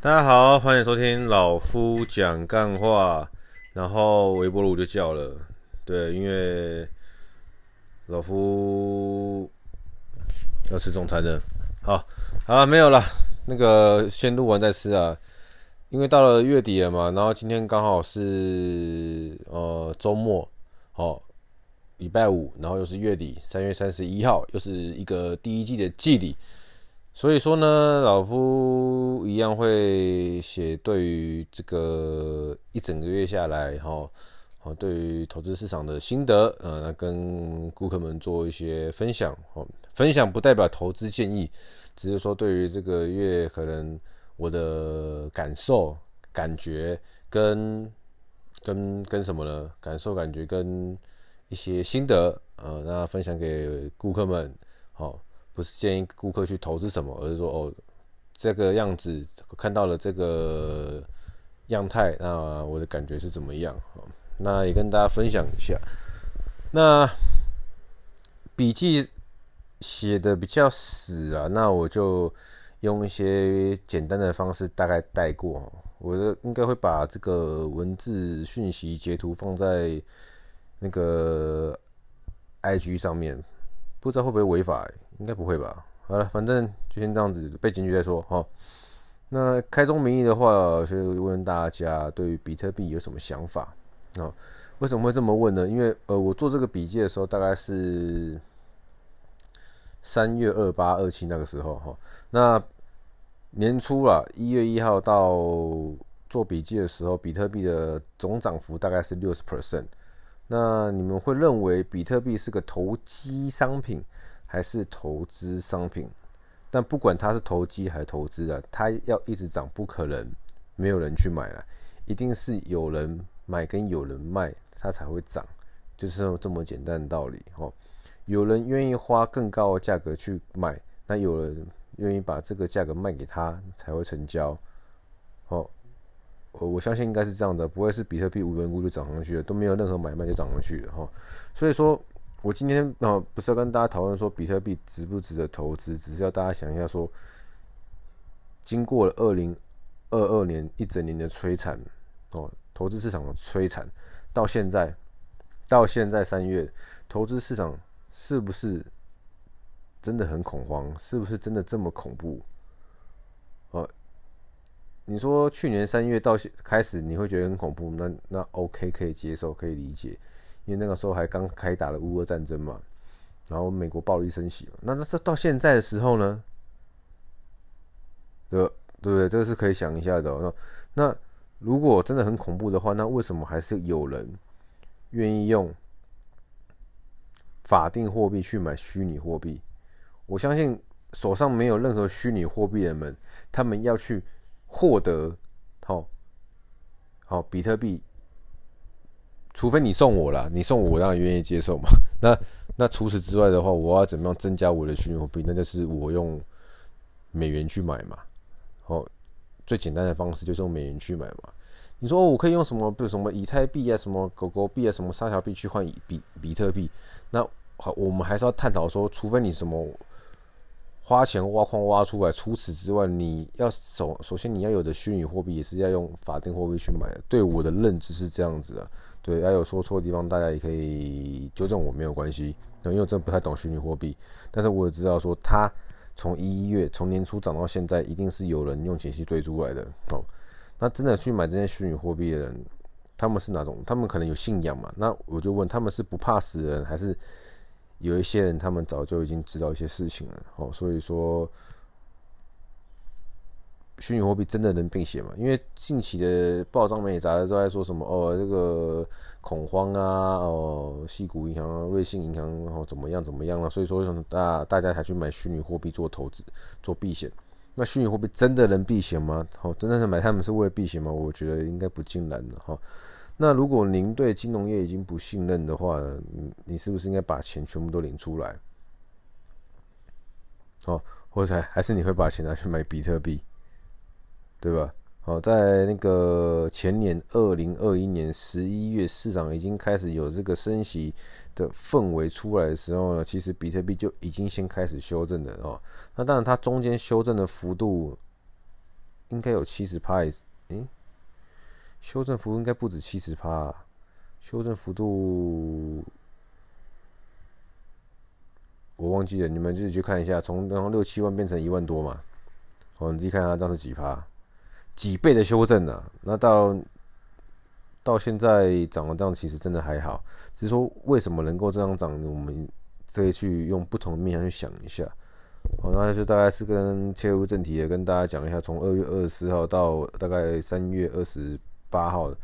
大家好，歡迎收聽老夫講幹話。然後微波爐就叫了，對，因為老夫要吃中餐的。好，好了，沒有了，那個先錄完再吃啊。因為到了月底了嘛，然後今天剛好是呃週末，好、哦，禮拜五，然後又是月底，三月三十一號，又是一個第一季的季底。所以說呢，老夫一樣會寫對於這個一整個月下來，哈，好，對於投資市場的心得，啊、呃，那跟顧客們做一些分享。哦，分享不代表投資建議，只是說對於這個月可能我的感受、感覺跟跟跟什麼呢？感受、感覺跟一些心得，啊、呃，那分享給顧客們，好。不是建議顧客去投資什麼，而是說哦，這個樣子看到了這個樣態，那我的感覺是怎麼樣？那也跟大家分享一下。那筆記寫的比較死啊，那我就用一些簡單的方式大概帶過。我的應該會把這個文字訊息截圖放在那個 IG 上面，不知道會不會違法。應該不會吧？好了，反正就先這樣子背景再說哈。那開宗明義的話，就問大家對於比特幣有什麼想法啊？為什麼會這麼問呢？因為呃，我做這個筆記的時候大概是三月二八二七那個時候哈。那年初了，一月一號到做筆記的時候，比特幣的總漲幅大概是六十 percent。那你們會認為比特幣是個投機商品？還是投資商品，但不管它是投機還是投資啊，它要一直漲，不可能沒有人去買了，一定是有人買跟有人賣，它才會漲，就是這麼簡單的道理哦。有人願意花更高的價格去買，那有人願意把這個價格賣給他，才會成交。哦，我相信應該是這樣的，不會是比特幣無緣無故就漲上去的，都沒有任何買賣就漲上去的。哈。所以說。我今天啊，不是要跟大家討論說比特幣值不值得投資，只是要大家想一下說，經過了二零二二年一整年的摧殘哦，投資市場的摧殘，到現在，到現在三月，投資市場是不是真的很恐慌？是不是真的這麼恐怖？哦，你說去年三月到現開始你會覺得很恐怖，那那 OK 可以接受，可以理解。因為那個時候還剛開打了烏俄戰爭嘛，然後美國暴力升息。那那這到現在的時候呢，對對對？這個是可以想一下的哦。那那如果真的很恐怖的話，那為什麼還是有人願意用法定貨幣去買虛擬貨幣？我相信手上沒有任何虛擬貨幣的人們，他們要去獲得好好比特幣。除非你送我了，你送我，我，當然願意接受嘛？那那除此之外的話，我要怎麼樣增加我的虛擬貨幣？那就是我用美元去買嘛。哦，最簡單的方式就是用美元去買嘛。你說、哦、我可以用什麼？比如什麼以太幣啊，什麼狗狗幣啊，什麼三條幣去換比比特幣？那我們還是要探討說，除非你什麼花錢挖礦挖出來，除此之外，你要首首先你要有的虛擬貨幣也是要用法定貨幣去買的。對，我的認知是這樣子的、啊。對，還有說錯的地方，大家也可以糾正我，沒有關係。因為我真的不太懂虛擬貨幣，但是我也知道說它從一月，從年初漲到現在，一定是有人用錢去追出來的。哦，那真的去買這些虛擬貨幣的人，他們是哪種？他們可能有信仰嘛？那我就問，他們是不怕死人，還是有一些人他們早就已經知道一些事情了？哦，所以說。虛擬貨幣真的能避險嗎？因為近期的報章媒體雜誌都在說什麼哦，這個恐慌啊，哦，矽谷銀行、啊、瑞信銀行，然後怎麼樣怎麼樣了，啊？所以說為什麼大大家才去買虛擬貨幣做投資、做避險？那虛擬貨幣真的能避險嗎？哦，真的是買它們是為了避險嗎？我覺得應該不盡然的哈。那如果您對金融業已經不信任的話，你你是不是應該把錢全部都領出來？哦，或者還是你會把錢拿去買比特幣？對吧？好，在那個前年二零二一年十一月，市場已經開始有這個升息的氛圍出來的時候呢，其實比特幣就已經先開始修正了哦。那當然，它中間修正的幅度應該有七十趴。哎，修正幅度應該不止七十趴，修正幅度我忘記了，你們自己去看一下，從然後六七萬變成一萬多嘛。哦，你自己看啊，當時幾趴？幾倍的修正呢、啊？那到到現在漲了這樣，其實真的還好。只是說，為什麼能夠這樣漲呢？我們再去用不同的面向去想一下。好，那就大概是跟切入正題的，跟大家講一下，從二月二十四號到大概三月二十八號，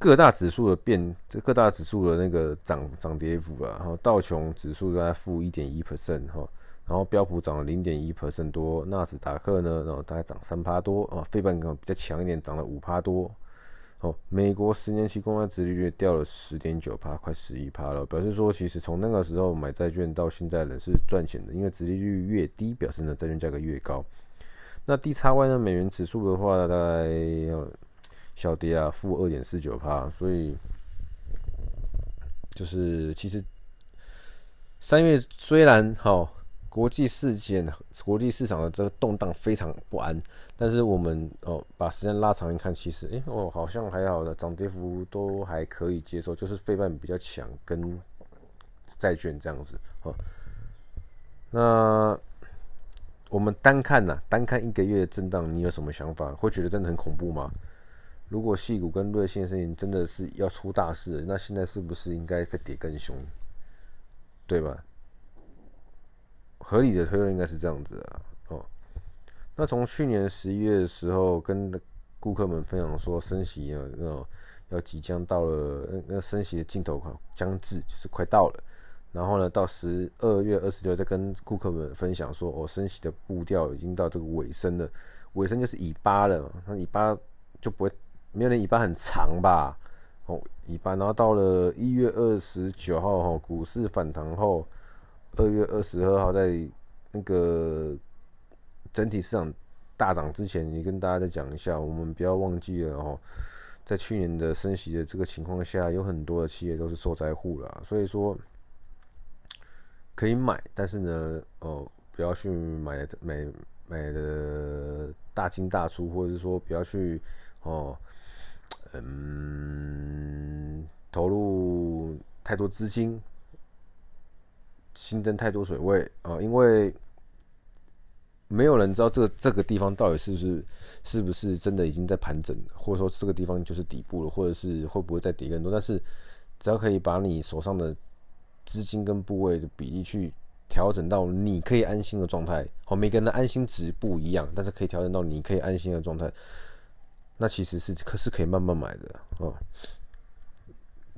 各大指數的變，這各大指數的那個漲漲跌幅啊，然後道瓊指數大概負一點一 percent 哈。然後標普漲了零點一 percent 多，納斯達克呢，然後大概漲三趴多啊，費半股比較強一點5，漲了五趴多。哦，美國十年期公債殖利率掉了十點九趴，快十一趴了，表示說其實從那個時候買債券到現在仍是賺錢的，因為殖利率越低，表示呢債券價格越高。那 DXY 呢，美元指數的話大概要小跌啊，負二點四九趴，所以就是其實三月雖然好。國際事件、國際市場的這個動盪非常不安，但是我們哦，把時間拉長一看，其實哎、欸、哦，好像還好的，漲跌幅都還可以接受，就是費半比較強跟債券這樣子哦。那我們單看吶、啊，單看一個月的震盪，你有什麼想法？會覺得真的很恐怖嗎？如果矽谷跟瑞信真的是要出大事，那現在是不是應該再跌更凶？對吧？合理的推論應該是這樣子啊，哦，那從去年十一月的時候跟顧客們分享說，升息要要要即將到了，那那升息的盡頭將至，就是快到了。然後呢，到十二月二十六再跟顧客們分享說哦，升息的步調已經到這個尾聲了，尾聲就是尾巴了，那尾巴就不會沒有，那尾巴很長吧？哦，尾巴。然後到了一月二十九號哈、哦，股市反彈後。二月二十二號，在那個整體市場大漲之前，你跟大家再講一下，我們不要忘記了哦，在去年的升息的這個情況下，有很多的企業都是受災戶了，所以說可以買，但是呢，哦，不要去買買買的大進大出，或者是說不要去哦，嗯，投入太多資金。新增太多水位啊，因為沒有人知道這個、這個地方到底是不是，是不是真的已經在盤整，或者說這個地方就是底部了，或者是會不會再跌更多。但是只要可以把你手上的資金跟部位的比例去調整到你可以安心的狀態，好，每個人的安心值不一樣，但是可以調整到你可以安心的狀態，那其實是可是可以慢慢買的哦。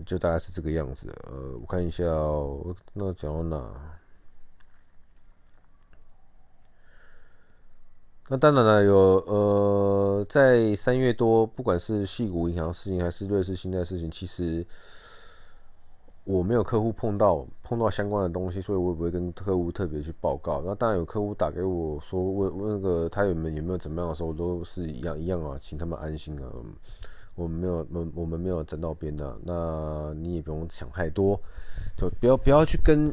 就大概是這個樣子，呃，我看一下、喔，那講到哪？那當然了，有呃，在三月多，不管是矽谷銀行事情還是瑞士信貸事情，其實我沒有客戶碰到碰到相關的東西，所以我也不會跟客戶特別去報告。那當然有客戶打給我說，說問問那個他有沒有沒有怎麼樣的時候，我都是一樣一樣啊，請他們安心啊。我，我們沒有，沒我們沒有整到邊的，那你也不用想太多，就不要不要去跟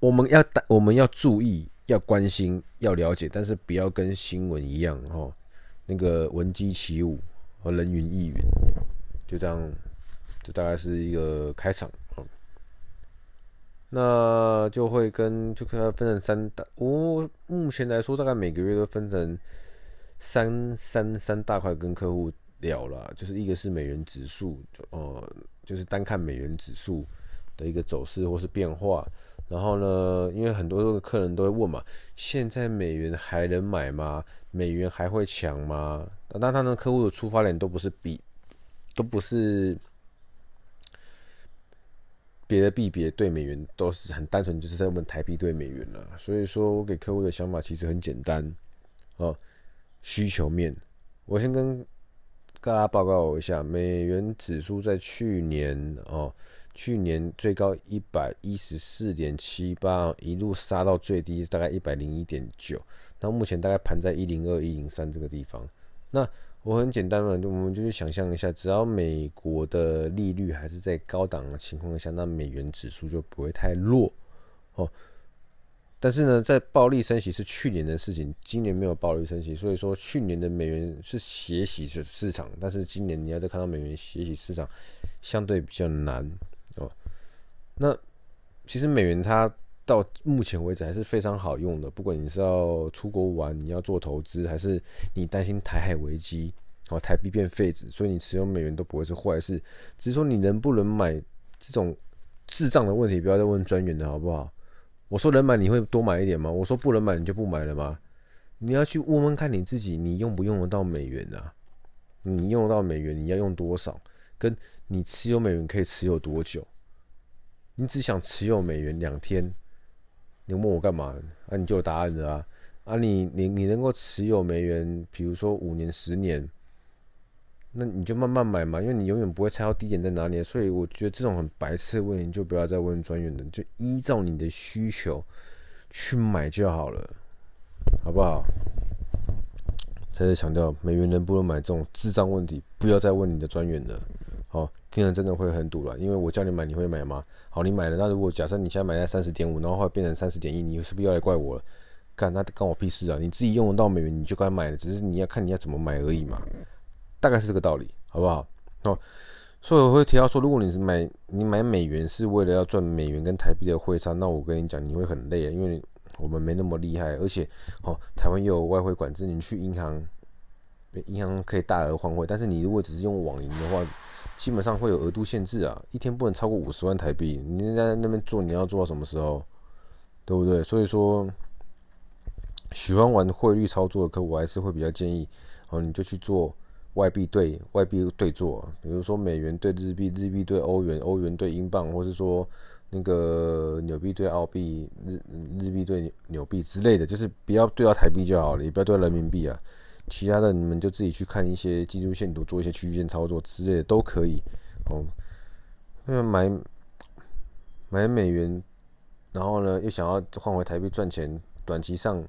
我們要大，我們要注意，要關心，要了解，但是不要跟新聞一樣哦，那個聞雞起舞和人云亦云、云，就這樣，就大概是一個開場，那就會跟就跟他分成三大，我目前來說大概每個月都分成三三三,三大塊跟客戶了啦，就是一個是美元指數、嗯，就是單看美元指數的一個走勢或是變化。然後呢，因為很多的客人都會問嘛，現在美元還能買嗎？美元還會強嗎？那他們的客戶的出發點都不是比，都不是別的幣別兌美元，都是很單純，就是在問台幣兌美元了。所以說我給客戶的想法其實很簡單，嗯、需求面，我先跟。大家報告我一下，美元指數在去年哦，去年最高一百一十四點七八，一路殺到最低大概一百零一點九，那目前大概盤在一零二一零三這個地方。那我很簡單的，我們就去想象一下，只要美國的利率還是在高檔的情況下，那美元指數就不會太弱哦。但是呢，在暴力升息是去年的事情，今年沒有暴力升息，所以說去年的美元是血洗市市場，但是今年你還在看到美元血洗市場，相對比較難哦。那其實美元它到目前為止還是非常好用的，不管你是要出國玩，你要做投資，還是你擔心台海危機哦，台幣變廢紙，所以你持有美元都不會是壞事，只是說你能不能買這種智障的問題，不要再問專員的好不好？我說能買你會多買一點嗎？我說不能買你就不買了嗎？你要去問問看你自己，你用不用得到美元啊？你用得到美元，你要用多少？跟你持有美元可以持有多久？你只想持有美元兩天，你問我幹嘛？那、啊、你就有答案的啊！啊，你你你能夠持有美元，比如說五年、十年。那你就慢慢買嘛，因為你永遠不會猜到低點在哪裡，所以我覺得這種很白痴的問題你就不要再問專員的，就依照你的需求去買就好了，好不好？再次強調，美元能不能買這種智障問題，不要再問你的專員了，好、喔，聽人真的會很堵了，因為我叫你買，你會買嗎？好，你買了，那如果假設你現在買在三十點五，然後，後來變成三十點一，你又是不是要來怪我了？幹，那干我屁事啊？你自己用得到美元你就該買了，只是你要看你要怎麼買而已嘛。大概是這個道理，好不好？哦，所以我會提到說，如果你是買你買美元是為了要賺美元跟台幣的匯差，那我跟你講，你會很累啊，因為我們沒那麼厲害，而且哦，台灣又有外匯管制，你去銀行，銀行可以大額換匯，但是你如果只是用網銀的話，基本上會有額度限制啊，一天不能超過五十萬台幣，你在那邊做，你要做到什麼時候？對不對？所以說，喜歡玩匯率操作的客戶我還是會比較建議哦，你就去做。外幣對，外幣對做，比如說美元對日幣，日幣對歐元，歐元對英鎊，或是說那個紐幣對澳幣，日日幣對紐幣之類的，就是不要對到台幣就好了，也不要對到人民幣啊。其他的你們就自己去看一些技術線圖，做一些區間操作之類的都可以。哦、嗯，因為買買美元，然後呢又想要換回台幣賺錢，短期上。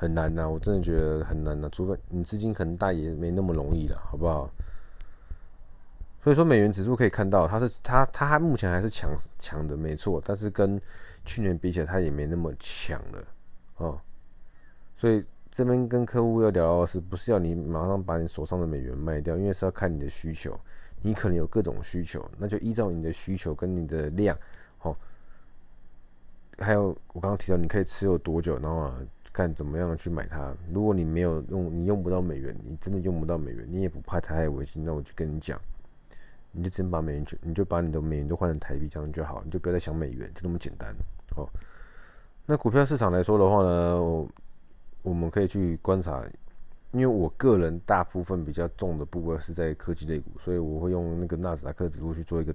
很難吶、啊，我真的覺得很難吶、啊。除非你資金很大，也沒那麼容易了，好不好？所以說，美元指數可以看到，它是它它目前還是強強的，沒錯。但是跟去年比起來，它也沒那麼強了，哦。所以這邊跟客戶要聊、聊的是，不是要你馬上把你手上的美元賣掉，因為是要看你的需求，你可能有各種需求，那就依照你的需求跟你的量，哦，還有我剛剛提到，你可以持有多久，然後。看怎麼樣去買它。如果你沒有用，你用不到美元，你真的用不到美元，你也不怕台海危機。那我就跟你講，你就直接把美元就你就把你的美元都換成台幣，這樣就好，你就不要再想美元，就那麼簡單哦。那股票市場來說的話呢，我我們可以去觀察，因為我個人大部分比較重的部分是在科技類股，所以我會用那個納斯達克指數去做一個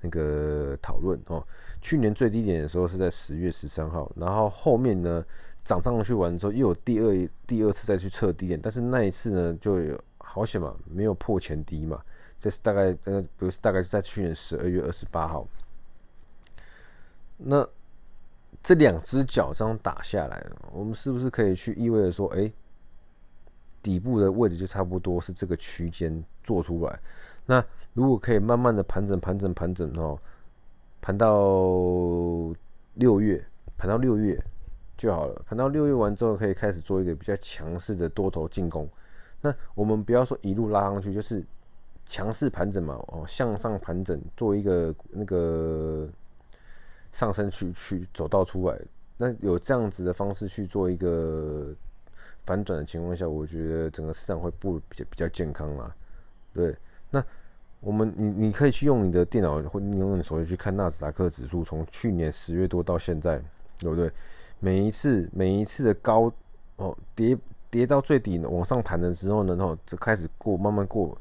那個討論哦。去年最低點的時候是在十月十三號，然後後面呢？漲上去玩之後，又有第二第二次再去測低點，但是那一次呢就有好險嘛，沒有破前低嘛。這是大概，呃，比如大概在去年十二月二十八號。那這兩隻腳這樣打下來，我們是不是可以去意味着說，誒、欸，底部的位置就差不多是這個區間做出來？那如果可以慢慢的盤整、盤整、盤整哦，盤、喔、到六月，盤到六月。就好了。等到六月完之後，可以開始做一個比較強勢的多頭進攻。那我們不要說一路拉上去，就是強勢盤整嘛，哦、喔，向上盤整，做一個那個上升去區走到出來。那有這樣子的方式去做一個反轉的情況下，我覺得整個市場會不比較比較健康啦。對，那我們你你可以去用你的電腦或你用你的手機去看納斯達克指數，從去年十月多到現在，對不對？每一次每一次的高哦，跌，跌到最底，往上彈的時候呢，哦，就開始過，慢慢過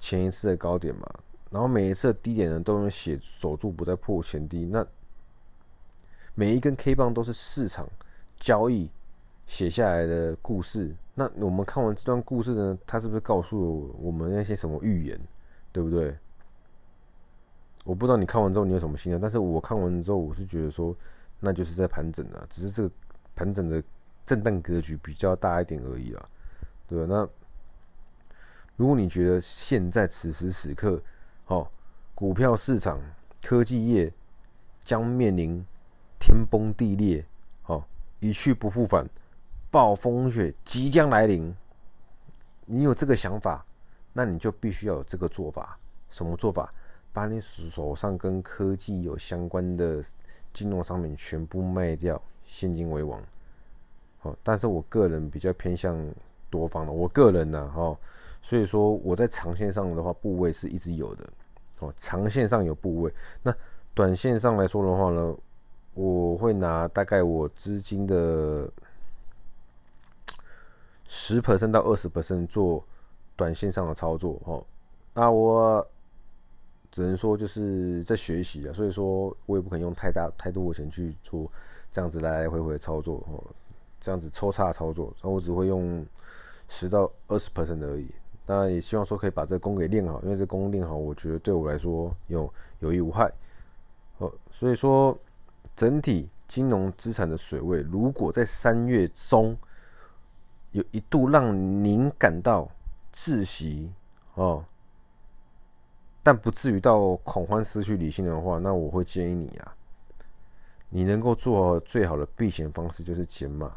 前一次的高點嘛。然後每一次的低點呢，都用寫守住，不再破前低。那每一根 K 棒都是市場交易寫下來的故事。那我們看完這段故事呢，它是不是告訴我們那些什麼預言，對不對？我不知道你看完之後你有什麼心得，但是我看完之後，我是覺得說。那就是在盤整了，啊，只是這個盤整的震盪格局比較大一點而已了，啊，對吧？那如果你覺得現在此時此刻，哦，股票市場科技業將面臨天崩地裂，哦，一去不復返，暴風雪即將來臨，你有這個想法，那你就必須要有這個做法，什麼做法？把你手上跟科技有相關的金融商品全部賣掉，現金為王。哦，但是我個人比較偏向多方的，我個人呢，哈，所以說我在長線上的話，部位是一直有的。哦，長線上有部位，那短線上來說的話呢，我會拿大概我資金的十 percent 到二十 percent 做短線上的操作。哦，那我。只能說就是在學習啊，所以說我也不可能用太大、太多的錢去做這樣子來來回回的操作哦，這樣子抽差的操作，我只會用十到二十 percent 而已。當然也希望說可以把這個功給練好，因為這功練好，我覺得對我來說有有益無害哦。所以說，整體金融資產的水位，如果在三月中有一度讓您感到窒息哦，但不至於到恐慌失去理性的話，那我會建議你啊，你能夠做最好的避險方式就是減碼，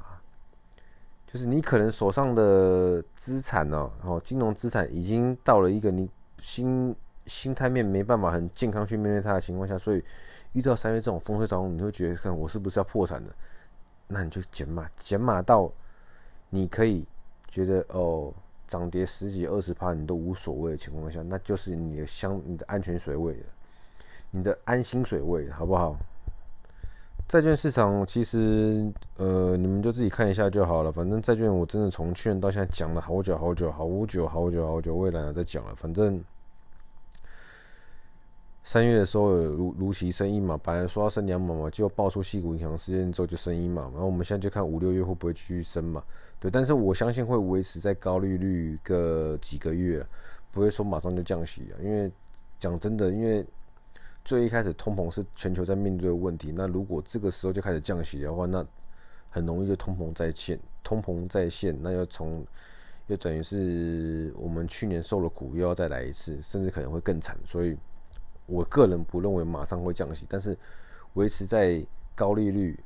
就是你可能手上的資產呢，哦，金融資產已經到了一個你心心態面沒辦法很健康去面對它的情況下，所以遇到三月這種風吹草動，你會覺得看我是不是要破產了，那你就減碼，減碼到你可以覺得哦。漲跌十幾二十趴你都無所謂的情況下，那就是你的相、你的安全水位，你的安心水位，好不好？債券市場其實，呃，你們就自己看一下就好了。反正債券我真的從去年到現在講了好久好久好久好久好久，好久未來再講了。反正三月的時候有如如期升一碼嘛，本來說要升兩碼嘛，結果爆出矽谷銀行事件之後就升一碼嘛。然後我們現在就看五六月會不會繼續升嘛。對，但是我相信會維持在高利率個幾個月啊，不會說馬上就降息啊，因為講真的，因為最一開始通膨是全球在面對問題，那如果這個時候就開始降息的話，那很容易就通膨再現。通膨再現那從，那又從又等於是我們去年受了苦，又要再來一次，甚至可能會更慘。所以我個人不認為馬上會降息，但是維持在高利率。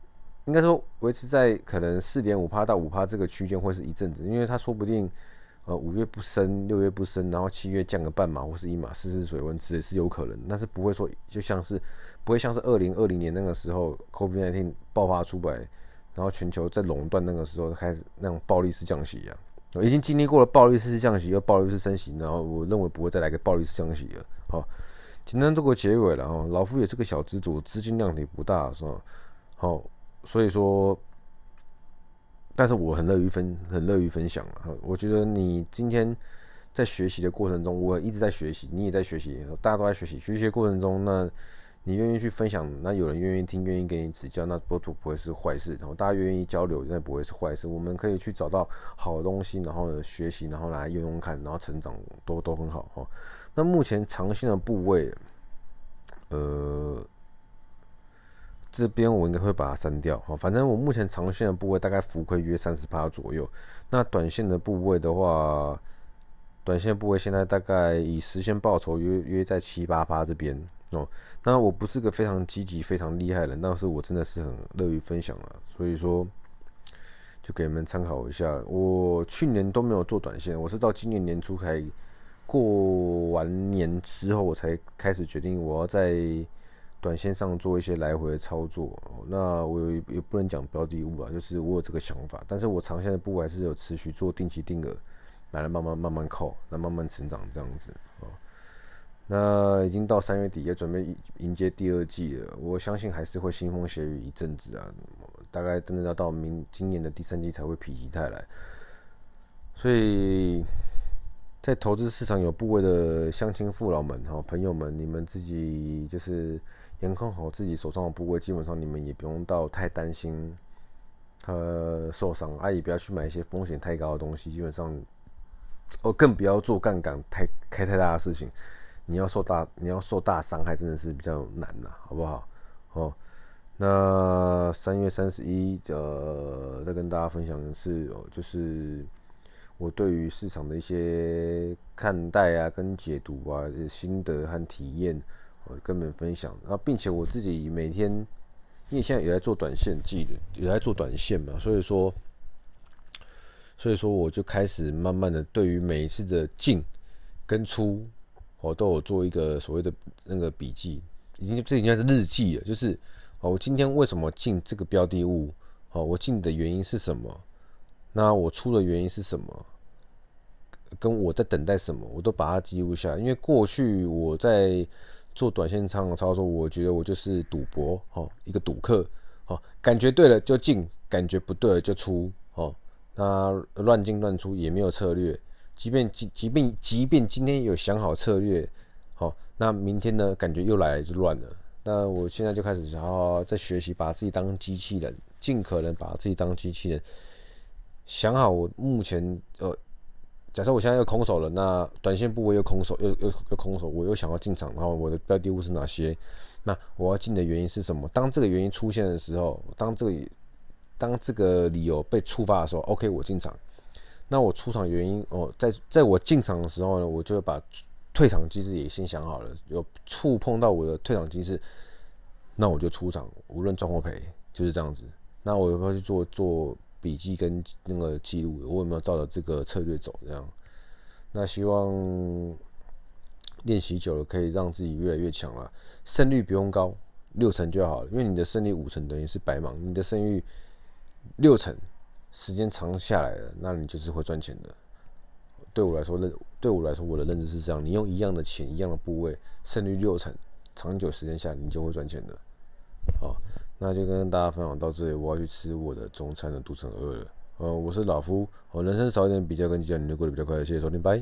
應該說維持在可能四點五趴，到五趴這個區間會是一陣子，因為它說不定，呃，五月不升，六月不升，然後七月降個半碼或是一碼，試試水溫，這也是有可能。但是不會說，就像是不會像是二零二零年那個時候，COVID-19 爆發出來，然後全球在壟斷那個時候開始那種暴力式降息一樣。我已經經歷過了暴力式降息，又暴力式升息，然後我認為不會再來個暴力式降息了。好，簡單做個結尾了啊。老夫也是個小資主，資金量也不大，是吧？好。所以說，但是我很樂於分，很樂於分享。我覺得你今天在學習的過程中，我一直在學習，你也在學習，大家都在學習。學習的過程中，那你願意去分享，那有人願意聽，願意給你指教，那不圖不會是壞事。然後大家願意交流，那不會是壞事。我們可以去找到好的東西，然後學習，然後來用用看，然後成長都都很好哦。那目前長線的部位，呃。這邊我應該會把它刪掉，反正我目前長線的部位大概浮虧約三十趴左右，那短線的部位的話，短線部位現在大概已實現報酬約約在七八趴這邊，那我不是個非常積極、非常厲害的人，但是我真的是很樂於分享了，所以說就給你們參考一下。我去年都沒有做短線，我是到今年年初開過完年之後，我才開始決定我要在。短線上做一些來回的操作，那我也不能講標的物啊，就是我有這個想法，但是我長線的部位還是有持續做定期定額，來，來慢慢慢慢扣，慢慢成長這樣子啊。那已經到三月底，也準備迎接第二季了，我相信還是會腥風血雨一陣子啊，大概真的要到明今年的第三季才會否極泰來。所以，在投資市場有部位的鄉親父老們哈，朋友們，你們自己就是。監控好自己手上的部位，基本上你們也不用到太擔心他、呃、受傷。啊，也不要去買一些風險太高的東西，基本上哦，更不要做槓桿太開太大的事情。你要受大你要受大傷害，真的是比較難了、啊、好不好？哦，那三月三十一的再跟大家分享的是，就是我對於市場的一些看待啊、跟解讀啊、心得和體驗。我跟你們分享，然後，啊，並且我自己每天，因為現在也在做短線記得，也在做短線嘛，所以說，所以說我就開始慢慢的對於每一次的進跟出，我，哦，都有做一個所謂的那個筆記，已經這應該是日記了，就是，哦，我今天為什麼進這個標的物？哦，我進的原因是什麼？那我出的原因是什麼？跟我在等待什麼？我都把它記錄下來，因為過去我在做短線倉的操作，我覺得我就是賭博哦，一個賭客哦，感覺對了就進，感覺不對了就出哦，那亂進亂出也沒有策略，即便即即便即便今天有想好策略哦，那明天呢感覺又來來就亂了那我現在就開始想要在學習，把自己當機器人，盡可能把自己當機器人，想好我目前呃。假設我現在又空手了，那短線部位又空手，又又又空手，我又想要進場，然後我的標的物是哪些？那我要進的原因是什麼？當這個原因出現的時候，當這個當這個理由被觸發的時候，OK，我進場。那我出場原因，哦、喔，在在我進場的時候呢，我就會把退場機制也先想好了，有觸碰到我的退場機制，那我就出場，無論賺或賠，就是這樣子。那我要去做做。筆記跟那個記錄，我有沒有照着這個策略走？這樣，那希望練習久了可以讓自己越來越強了。勝率不用高，六成就好了，因為你的勝率五成等於是白忙。你的勝率六成，時間長下來了，那你就是會賺錢的。對我來說，認對我來說，我的認知是這樣：你用一樣的錢，一樣的部位，勝率六成，長久時間下來，你就會賺錢的。哦。那就跟大家分享到這裡，我要去吃我的中餐的肚子餓了。呃，我是老夫，我人生少一點比較跟計較，你過得比較快樂。謝謝收聽，拜。